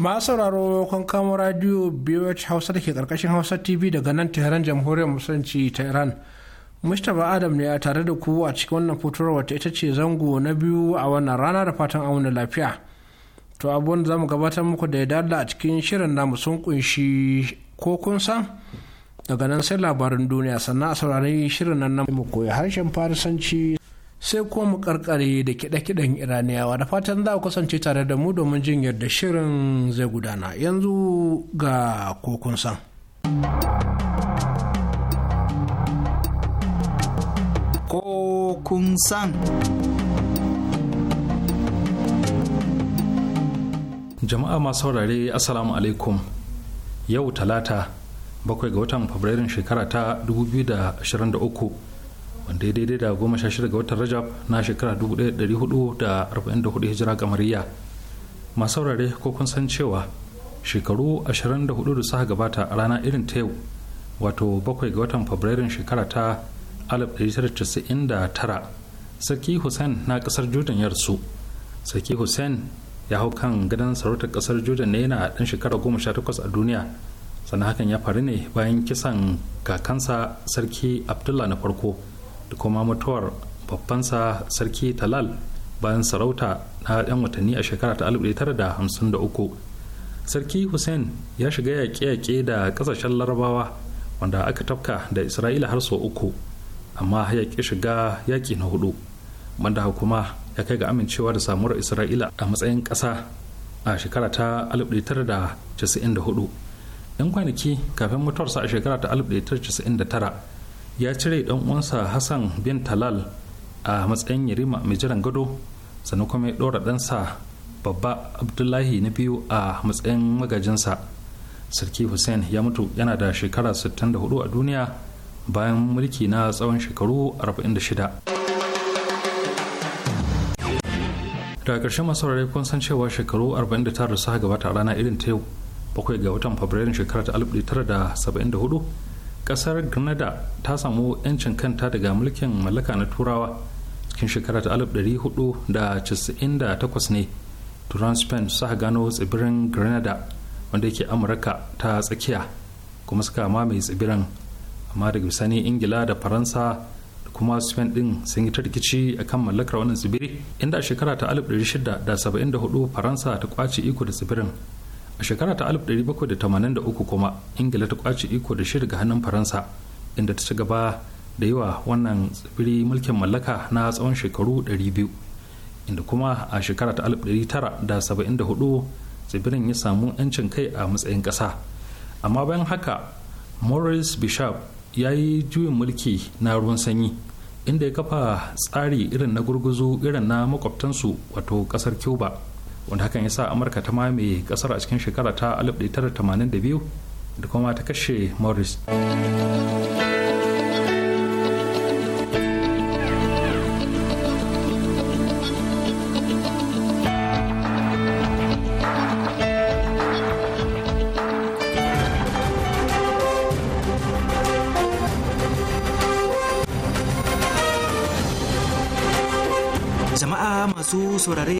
ma sauraro kan kamo radio BOH Hausa da ke karkashin Hausa TV daga nan Tehran Jamhuriyar Musulunci ta Iran. Mustapha Adam ne a tare da ku a cikin wannan fitowar wata ita ce zango na biyu a wannan rana da fatan auna lafiya. To abubuwan za mu gabatar muku da ya dala a cikin shirin namu sun kunshi ko kun san daga nan sai labarin duniya sannan a saurari shirin nan na mu koyi harshen farisanci sai kuma mu karkare da kiɗe-kiɗen iraniyawa da fatan za ku kasance tare da mu domin jin yadda shirin zai gudana yanzu ga kokun san kokun san jama'a masu saurare assalamu alaikum yau talata bakwai ga watan fabrairun shekara ta 2023 daidai da goma sha shida ga watan rajab na shekara da 1444 hijira kamariya masu saurare ko kun san cewa shekaru 24 da suka gabata a rana irin ta yau wato bakwai ga watan fabrairun shekara ta 1999 sarki hussein na kasar jordan ya rasu sarki hussein ya hau kan gadon sarautar kasar jordan ne yana dan shekara 18 a duniya sannan hakan ya faru ne bayan kisan kakansa sarki abdullah na farko da kuma mutuwar sa sarki talal bayan sarauta na 'yan watanni a shekara ta 1953 sarki hussein ya shiga yaƙe-yaƙe da ƙasashen larabawa wanda aka tafka da isra'ila har sau uku amma ya shiga yaƙi na hudu wanda kuma ya kai ga amincewa da samuwar isra'ila a matsayin ƙasa a shekara ta 1994 'yan kwanaki kafin mutuwarsa a shekara ta 1999 ya cire dan uwansa hassan bin talal a matsayin yarima mai jiran gado sannan kuma ya ɗora ɗansa babba abdullahi na biyu a matsayin magajinsa sarki hussein ya mutu yana da shekara 64 a duniya bayan mulki na tsawon shekaru 46 daga ƙarshen masu kun san cewa shekaru 49 da suka gabata a rana irin ta yau bakwai ga watan fabrairun shekarar ta 1974 kasar grenada ta samu 'yancin kanta daga mulkin mallaka na turawa cikin shekara ta 1498 ne turan spain ha gano tsibirin grenada wanda yake amurka ta tsakiya kuma suka mamaye tsibirin amma daga bisani ingila da faransa da kuma spain din sun yi ta rikici akan mallakar wannan tsibiri inda shekara ta 1674 faransa ta kwace iko da tsibirin a shekara ta 1783 kuma ingila ta kwace iko da shi daga hannun faransa inda ta ci gaba da yawa wannan tsibiri mulkin mallaka na tsawon shekaru 200 inda kuma a shekara ta 1974 tsibirin ya samu 'yancin kai a matsayin ƙasa amma bayan haka maurice bishop ya yi juyin mulki na ruwan sanyi inda ya kafa tsari irin na gurguzu irin na makwabtansu wato ƙasar cuba wanda hakan ya sa amurka ta mamaye kasar a cikin shekara ta 1982 da kuma ta kashe morris jama'a masu saurare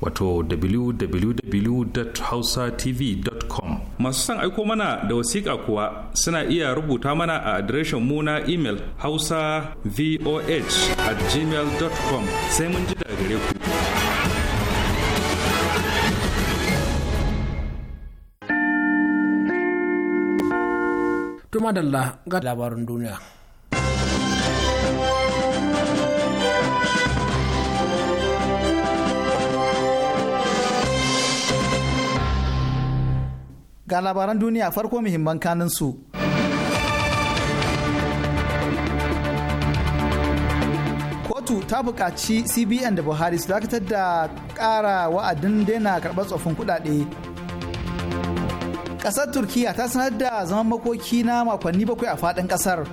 wato www.hausatv.com masu son aiko mana da wasiƙa kuwa suna iya rubuta mana a adireshin mu na imel hausa voh at gmail.com sai mun ji da gare ku Tuma ga labarin duniya. ga labaran duniya farko muhimman kanin su. kotu ta buƙaci cbn da buhari su dakatar da ƙara wa'adin daina karɓar tsoffin kuɗaɗe ƙasar turkiya ta sanar da zaman makoki na makonni bakwai a faɗin ƙasar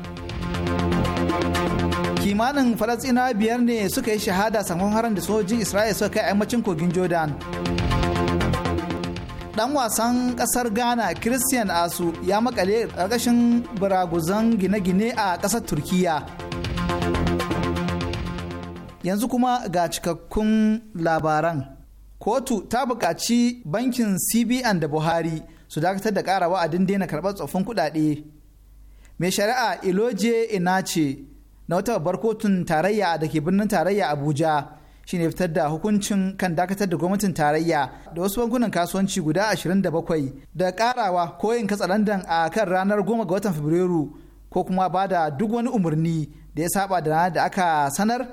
kimanin falasina biyar ne suka yi shahada sakamakon harin da sojojin isra'ila suka kai yammacin kogin jordan dan wasan kasar ghana christian asu ya makale karkashin baraguzan gine-gine a kasar turkiya yanzu kuma ga cikakkun labaran kotu ta buƙaci bankin cbn da buhari su dakatar da ƙara wa'adin daina karɓar tsoffin kuɗaɗe mai shari'a iloje inace na wata babbar kotun tarayya da ke birnin tarayya abuja shine fitar da hukuncin kan dakatar da gwamnatin tarayya da wasu bankunan kasuwanci guda 27 da karawa ko yin katsalandan a kan ranar 10 ga watan Fabrairu ko kuma ba da duk wani umarni da ya saba da rana da aka sanar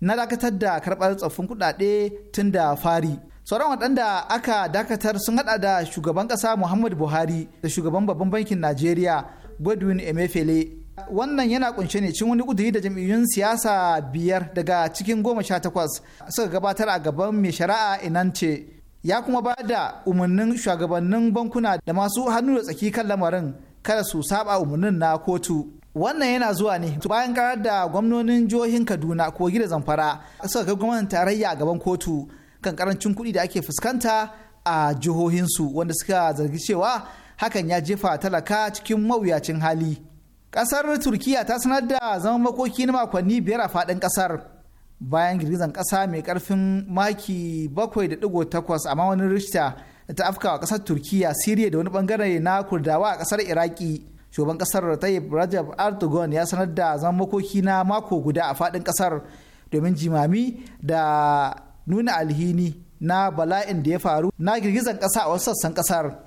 na dakatar da karɓar tsoffin kuɗaɗe tun da fari. sauran waɗanda aka dakatar sun haɗa da shugaban ƙasa muhammadu buhari da shugaban babban bankin najeriya godwin emefele wannan yana kunshe ne cin wani kuduri da jam'iyyun siyasa biyar daga cikin goma sha takwas suka gabatar a gaban mai shari'a ce ya kuma ba da umarnin shugabannin bankuna da masu hannu da tsaki kan lamarin kada su saba umarnin na kotu wannan yana zuwa ne bayan karar da gwamnonin jihohin kaduna kogi da zamfara suka kai gwamnatin tarayya a gaban kotu kan karancin kuɗi da ake fuskanta a jihohinsu wanda suka zargi cewa hakan ya jefa talaka cikin mawuyacin hali kasar turkiya ta sanar da zaman makoki na makonni biyar a fadin kasar bayan girgizan kasa mai karfin maki bakwai da 7.8 a mawanin rishta da ta afkawa kasar turkiya siriya da wani bangare na kurdawa a kasar iraki shugaban kasar tayyip rajab erdogan ya sanar da zaman makoki na mako guda a fadin kasar domin jimami da nuna alhini na bala'in da ya faru na girgizan kasa a wasu sassan kasar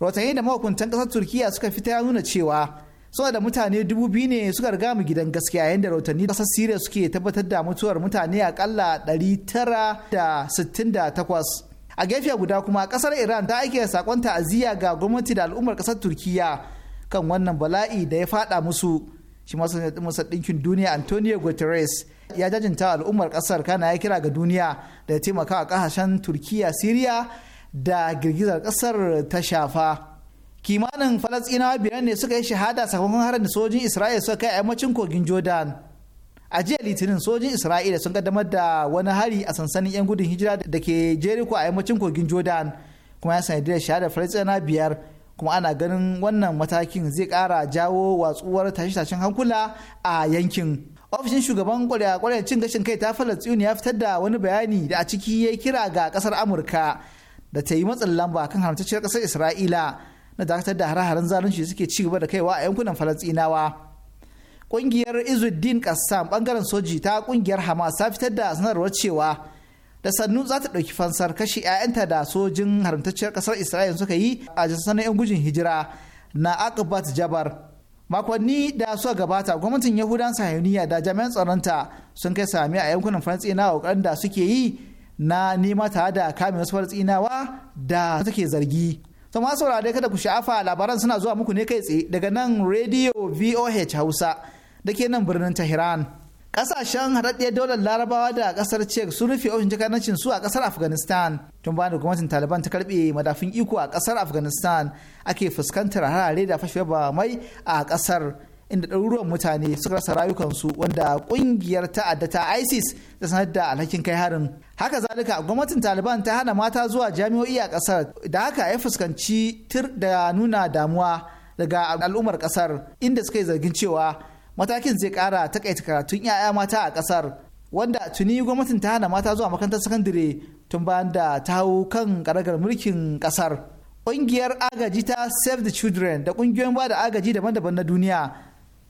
rahotanni da mahukuntan kasar turkiya suka fita ya nuna cewa suna da mutane dubu biyu ne suka riga mu gidan gaskiya yayin da rahotanni kasar siriya suke tabbatar da mutuwar mutane akalla ɗari tara da sittin da takwas a gefe guda kuma kasar iran ta aike sakon ta'aziyya ga gwamnati da al'ummar kasar turkiya kan wannan bala'i da ya fada musu shi masa ɗinkin duniya antonio guterres ya jajinta al'ummar kasar kana ya kira ga duniya da ya taimaka a kasashen turkiya siriya da girgizar kasar ta shafa kimanin falasɗinawa biyar ne suka yi shahada sakamakon harin da sojin isra'ila suka kai a yammacin kogin jordan a jiya litinin sojin isra'ila sun kaddamar da wani hari a sansanin 'yan gudun hijira da ke jeriko a yammacin kogin jordan kuma ya sanadiyar shahadar falasɗinawa biyar kuma ana ganin wannan matakin zai kara jawo watsuwar tashe-tashen hankula a yankin ofishin shugaban kwarya cin gashin kai ta falastinu ya fitar da wani bayani da a ciki ya kira ga kasar amurka da ta yi matsin lamba kan haramtacciyar kasar isra'ila na dakatar da hare-haren zalunci suke ci gaba da kaiwa a yankunan falastinawa ƙungiyar izuddin kassam bangaren soji ta ƙungiyar hamas ta fitar da sanarwar cewa da sannu za ta ɗauki fansar kashe 'ya'yanta da sojin haramtacciyar ƙasar isra'il suka yi a jinsanin 'yan gujin hijira na akabat jabar makonni da suka gabata gwamnatin yahudan sahiyoniya da jami'an tsaronta sun kai sami a yankunan falasɗinawa ƙoƙarin da suke yi na nema tare da kame wasu falasɗinawa da suke zargi To ma saurare kada ku sha'afa labaran suna zuwa muku ne kai tsaye daga nan Radio VOH Hausa da ke nan birnin Tehran. Kasashen haɗaɗɗiyar daular larabawa da ƙasar cek sun rufe ofishin jakadancin su a kasar Afghanistan tun bayan da gwamnatin Taliban ta karɓe madafin iko a ƙasar Afghanistan ake fuskantar harare da fashewar mai a ƙasar inda ɗaruruwan mutane suka rasa rayukansu wanda ƙungiyar ta'adda ta isis ta sanar da alhakin kai harin haka zalika gwamnatin taliban ta hana mata zuwa jami'o'i a ƙasar da haka ya fuskanci tir da nuna damuwa daga al'ummar ƙasar inda suka yi zargin cewa matakin zai ƙara takaita karatun 'ya'ya mata a ƙasar wanda tuni gwamnatin ta hana mata zuwa makarantar sakandare tun bayan da ta hau kan karagar mulkin ƙasar ƙungiyar agaji ta save the children da ƙungiyoyin ba da agaji daban-daban na duniya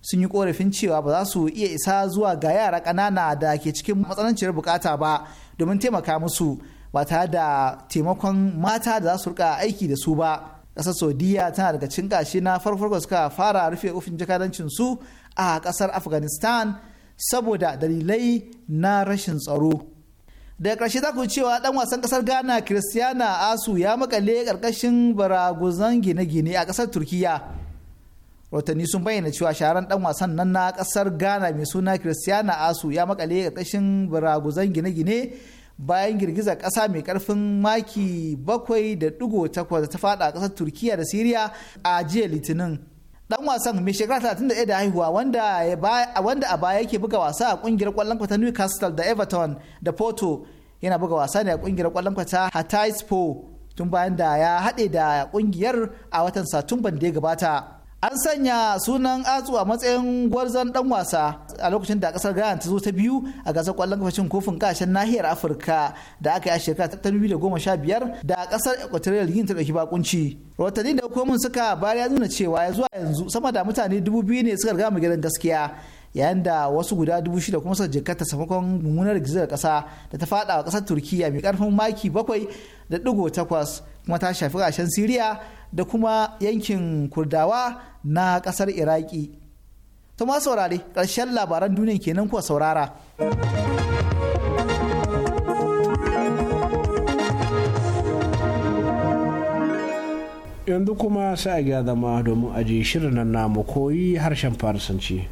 sun yi korafin cewa ba za su iya isa zuwa ga yara ƙanana da ke cikin matsananciyar bukata ba domin taimaka musu ba tare da taimakon mata da za su rika aiki da su ba ƙasar saudiya tana daga cikin ƙashi na farko suka fara rufe ofin jakadancin su a ƙasar afghanistan saboda dalilai na rashin tsaro daga ƙarshe za ku cewa ɗan wasan ƙasar ghana christiana asu ya makale ƙarƙashin baraguzan gine-gine a ƙasar turkiyya. watanni sun bayyana cewa sharan dan wasan nan na kasar ghana mai suna christiana asu ya makale karkashin baraguzan gine-gine bayan girgizar kasa mai karfin maki 7.8 ta fada a kasar turkiya da syria a jiya litinin dan wasan mai shekara 31 da haihuwa wanda a baya yake buga wasa a kungiyar kwallon kwata newcastle da everton da porto yana buga wasa ne a kungiyar kwallon kwata hatayspor tun bayan da ya haɗe da kungiyar a watan satumban da ya gabata an sanya sunan atsu a matsayin gwarzon dan wasa a lokacin da kasar ghana ta zo ta biyu a gasar kwallon kafashin kofin kashin nahiyar afirka da aka yi a shekara ta 2015 da kasar equatorial yin ta dauki bakunci rahotanni da hukumomin suka bayar ya nuna cewa ya zuwa yanzu sama da mutane dubu biyu ne suka riga mu gidan gaskiya yayin da wasu guda dubu shida kuma suka jikkata sakamakon mummunar girgizar kasa da ta fada wa kasar turkiya mai karfin maki bakwai da digo takwas kuma ta shafi ƙarshen siriya da kuma yankin kurdawa na kasar iraki to ma saurare ƙarshen labaran duniya kenan kuwa saurara yanzu kuma sai a da ma domin aje shirin nan namu koyi harshen farsanci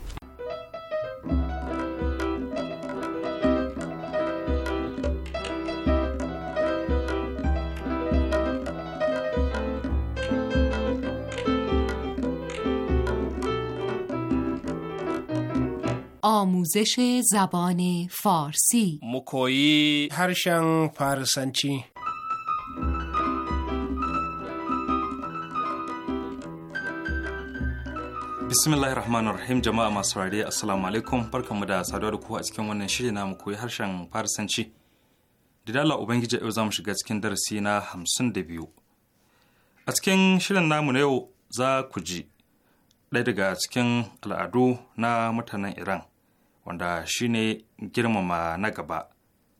آموزش زبان فارسی مکویی هرشن فارسنچی bismillahir rahim jama'a masu saurare assalamu alaikum barkanmu da saduwa da ku a cikin wannan shiri mu koyi harshen farisanci ubangiji yau za mu shiga darasi na hamsin da biyu a cikin shirin namu na yau za ku ji ɗaya daga cikin al'adu na mutanen iran wanda shine girmama na gaba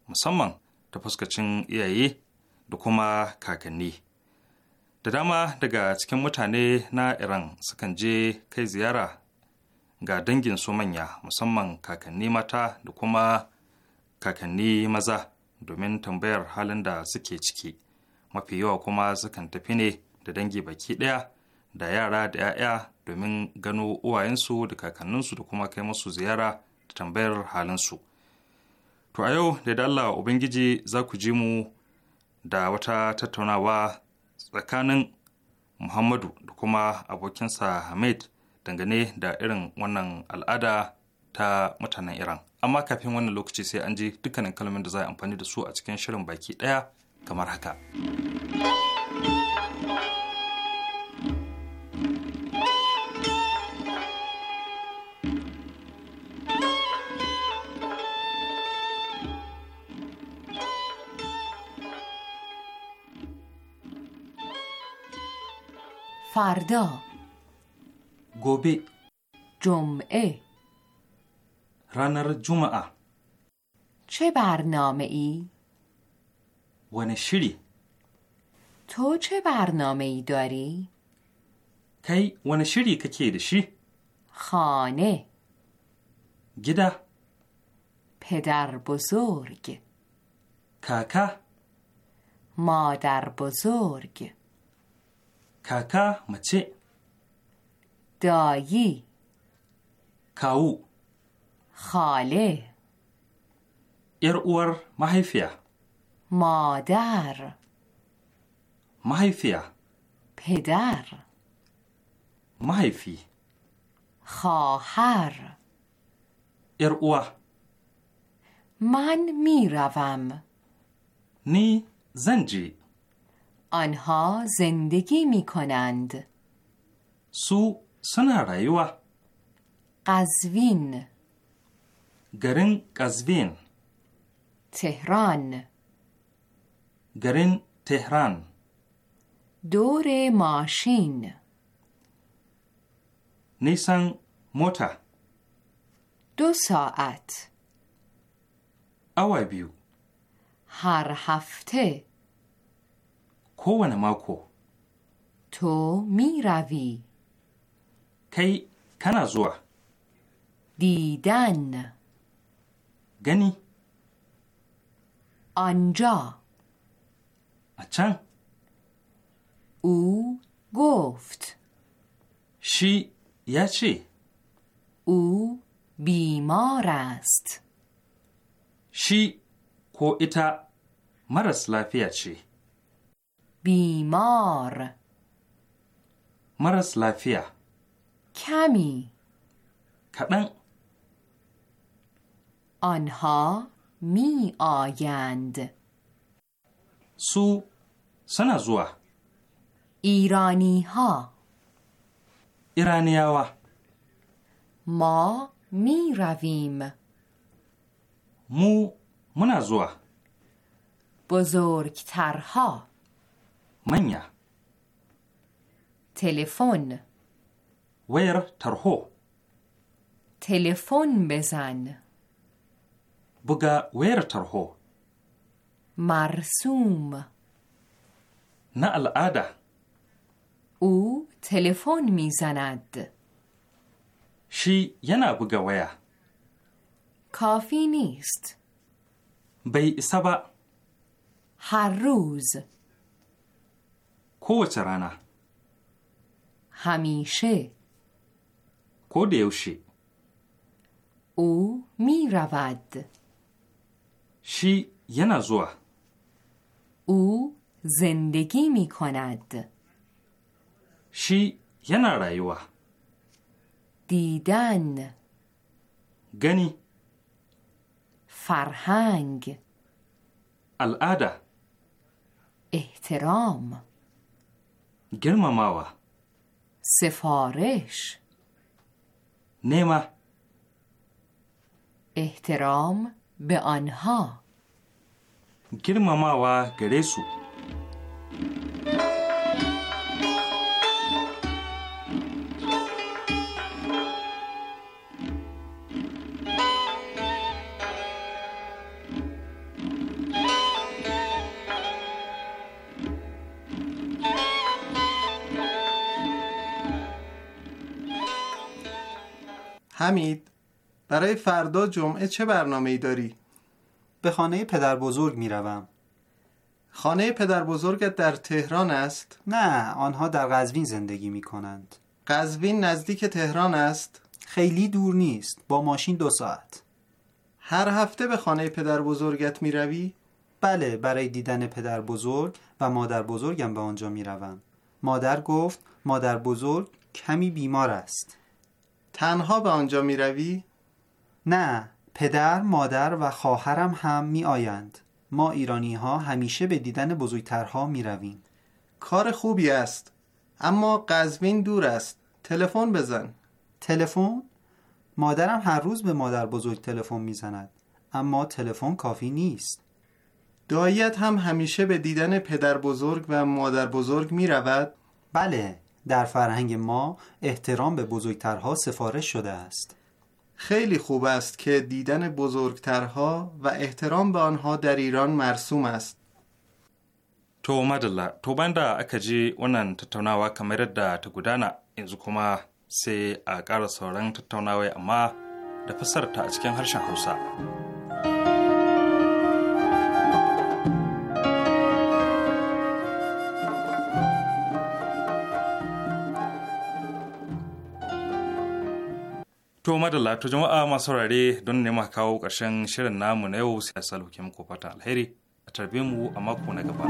musamman ta fuskacin iyaye da kuma kakanni da dama daga cikin mutane na iran sukan je kai ziyara ga dangin su manya musamman kakanni mata da kuma kakanni maza domin tambayar halin da suke ciki mafi yawa kuma sukan tafi ne da dangi baki ɗaya da yara da 'ya'ya domin gano uwayensu da kakanninsu da kuma kai musu ziyara da tambayar halinsu. To a yau da Allah Ubangiji za ku ji mu da wata tattaunawa tsakanin Muhammadu da kuma abokinsa Hamid dangane da irin wannan al'ada ta mutanen Iran. Amma kafin wannan lokaci sai an ji dukkanin kalmomin da za a amfani da su a cikin shirin baki ɗaya kamar haka. فردا گوبی جمعه رانر جمعه چه برنامه ای؟ ونشیری. تو چه برنامه ای داری؟ کی ونشیری که دشی؟ خانه گدا؟ پدر بزرگ کاکا مادر بزرگ kaka mace dayi kawu khale uwar mahaifiya madar mahaifiya Fedar. mahaifi خواهر ارقوا من Ni zan je. آنها زندگی می کنند سو سنا رایوه قزوین گرین قزوین تهران گرین تهران دور ماشین نیسان موتا دو ساعت اوای بیو هر هفته kowane mako. To mi ravi. Kai kana zuwa. Didan. Gani. Anjo. A can. U goft. Shi ya ce. U bimarast. Shi ko ita maras lafiya ce. بیمار مرس لافیا کمی کدن آنها می آیند سو سنا زوا ایرانی ها ایرانی ها ما می رویم مو منا زوا بزرگترها manya. Telefon. Wayar tarho. Telefon bezan. Buga wayar tarho. Marsum. Na al'ada. U telefon mizanad. Shi yana buga waya. Kafi Bai isa ba. Haruz. kowace همیشه دیوشی؟ او می رود شی یه نزوه او زندگی می کند شی یه نرایوه دیدن گنی فرهنگ العاده احترام گرمماوا سفارش نما احترام به آنها گرمماوا گریسو حمید برای فردا جمعه چه برنامه ای داری؟ به خانه پدر بزرگ می روم. خانه پدر بزرگت در تهران است؟ نه آنها در قزوین زندگی می کنند قزوین نزدیک تهران است؟ خیلی دور نیست با ماشین دو ساعت هر هفته به خانه پدر بزرگت می روی؟ بله برای دیدن پدر بزرگ و مادر بزرگم به آنجا می روم. مادر گفت مادر بزرگ کمی بیمار است تنها به آنجا می روی؟ نه پدر، مادر و خواهرم هم می آیند ما ایرانی ها همیشه به دیدن بزرگترها می رویم کار خوبی است اما قزوین دور است تلفن بزن تلفن؟ مادرم هر روز به مادر بزرگ تلفن زند. اما تلفن کافی نیست داییت هم همیشه به دیدن پدر بزرگ و مادر بزرگ می رود؟ بله در فرهنگ ما احترام به بزرگترها سفارش شده است خیلی خوب است که دیدن بزرگترها و احترام به آنها در ایران مرسوم است تو madalla, تو banda aka je wannan tattaunawa kamar yadda ta gudana yanzu kuma sai a ƙara sauran tattaunawa amma da fasarta a cikin harshen Hausa. To madalla to jama'a masu saurare don nema kawo ƙarshen shirin namu na yau sai a ke muku fatan alheri a tarbe mu a mako na gaba.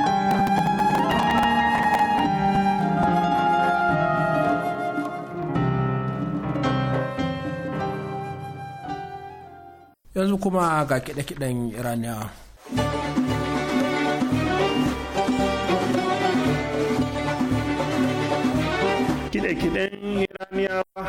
Yanzu kuma ga kiɗe-kiɗen Iraniya. kiɗe kiɗe pinggirannya Allah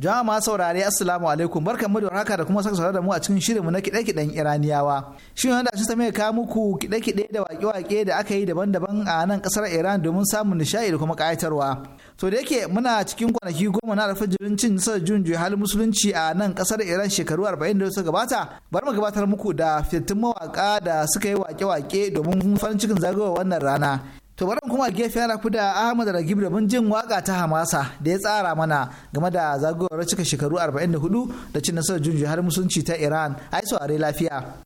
jama'a masu saurare assalamu alaikum barkan mu da warhaka da kuma saka saurare da mu a cikin shirinmu na kiɗe-kiɗen iraniyawa shin wanda shi mai ka muku kiɗe-kiɗe da waƙe-waƙe da aka yi daban-daban a nan kasar iran domin samun nishaɗi da kuma kayatarwa. to da yake muna cikin kwanaki goma na rafa jirin cin nasarar jin halin musulunci a nan kasar iran shekaru arba'in da suka gabata bar mu gabatar muku da fitattun mawaƙa da suka yi waƙe-waƙe domin farin cikin zagayowar wannan rana To bari kuma gefe yana ku da Ahmad Ragib da jin waka ta Hamasa da ya tsara mana game da zagayowar cika shekaru 44 da cin nasarar junji har musunci ta Iran. Ai saurare lafiya.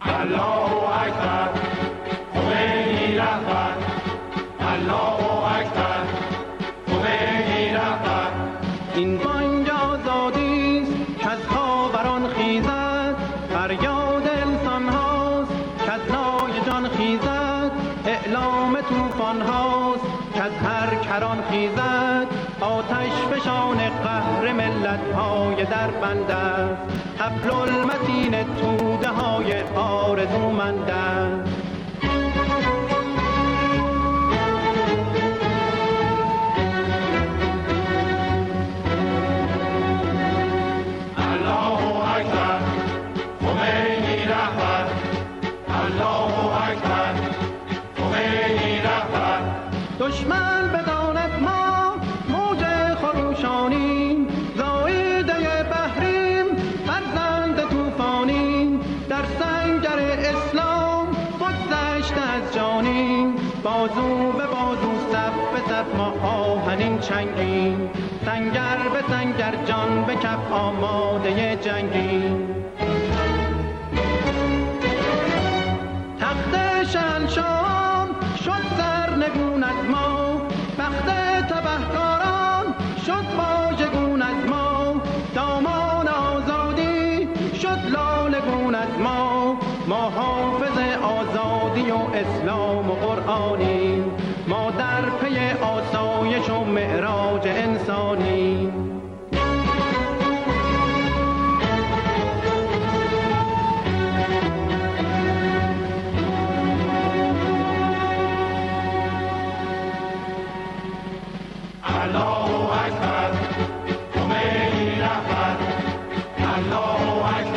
Hello. در بند است حبل المتین توده های آرزومند است جانی بازو به بازو سب به سب ما آهنین چنگین سنگر به سنگر جان به کف آماده جنگی تخت شهنشان شد سرنگون از ما بخت تبهکاران شد ما No, I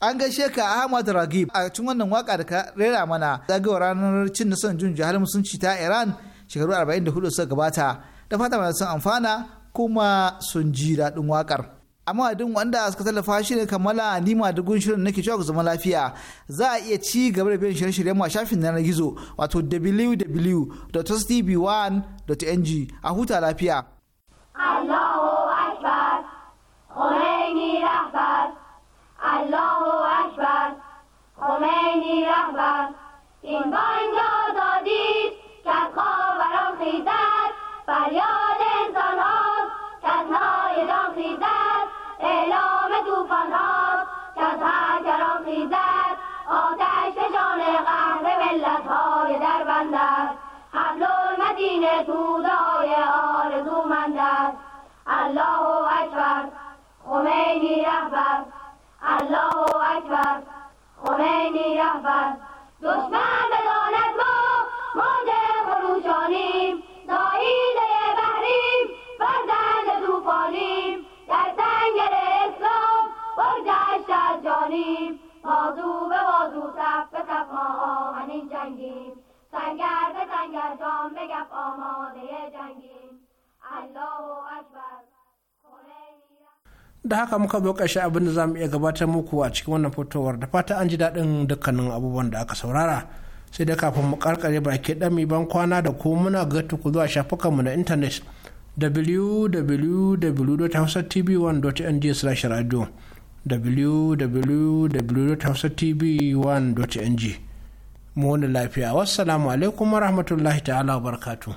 an gaishe ka Ahmad Ragib a cikin wannan waka da ka rera mana zagayowar ranar cin nasarar jin jihar musulunci ta Iran shekaru 44 suka gabata da fata mana sun amfana kuma sun ji daɗin wakar. amma duk wanda suka tallafa shi ne kammala nima da gun shirin nake cewa zama lafiya za a iya ci gaba da biyan shirye-shiryen ma a shafin yanar gizo wato www.tv1.ng a huta lafiya. سودای من در الله اکبر خمینی رهبر الله اکبر خمینی رهبر دشمن da haka muka zo ƙarshe abin da za mu iya gabatar muku a cikin wannan fitowar da fata an ji daɗin dukkanin abubuwan da aka saurara sai da kafin mu karkare baki ɗami ban kwana da ko muna ga ku zuwa shafukanmu na intanet www.hausatv1.ng/radio www.hausatv1.ng mu wani lafiya wassalamu alaikum warahmatullahi ta'ala wa barakatuh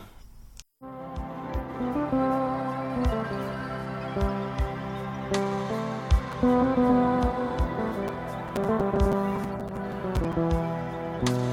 Bye.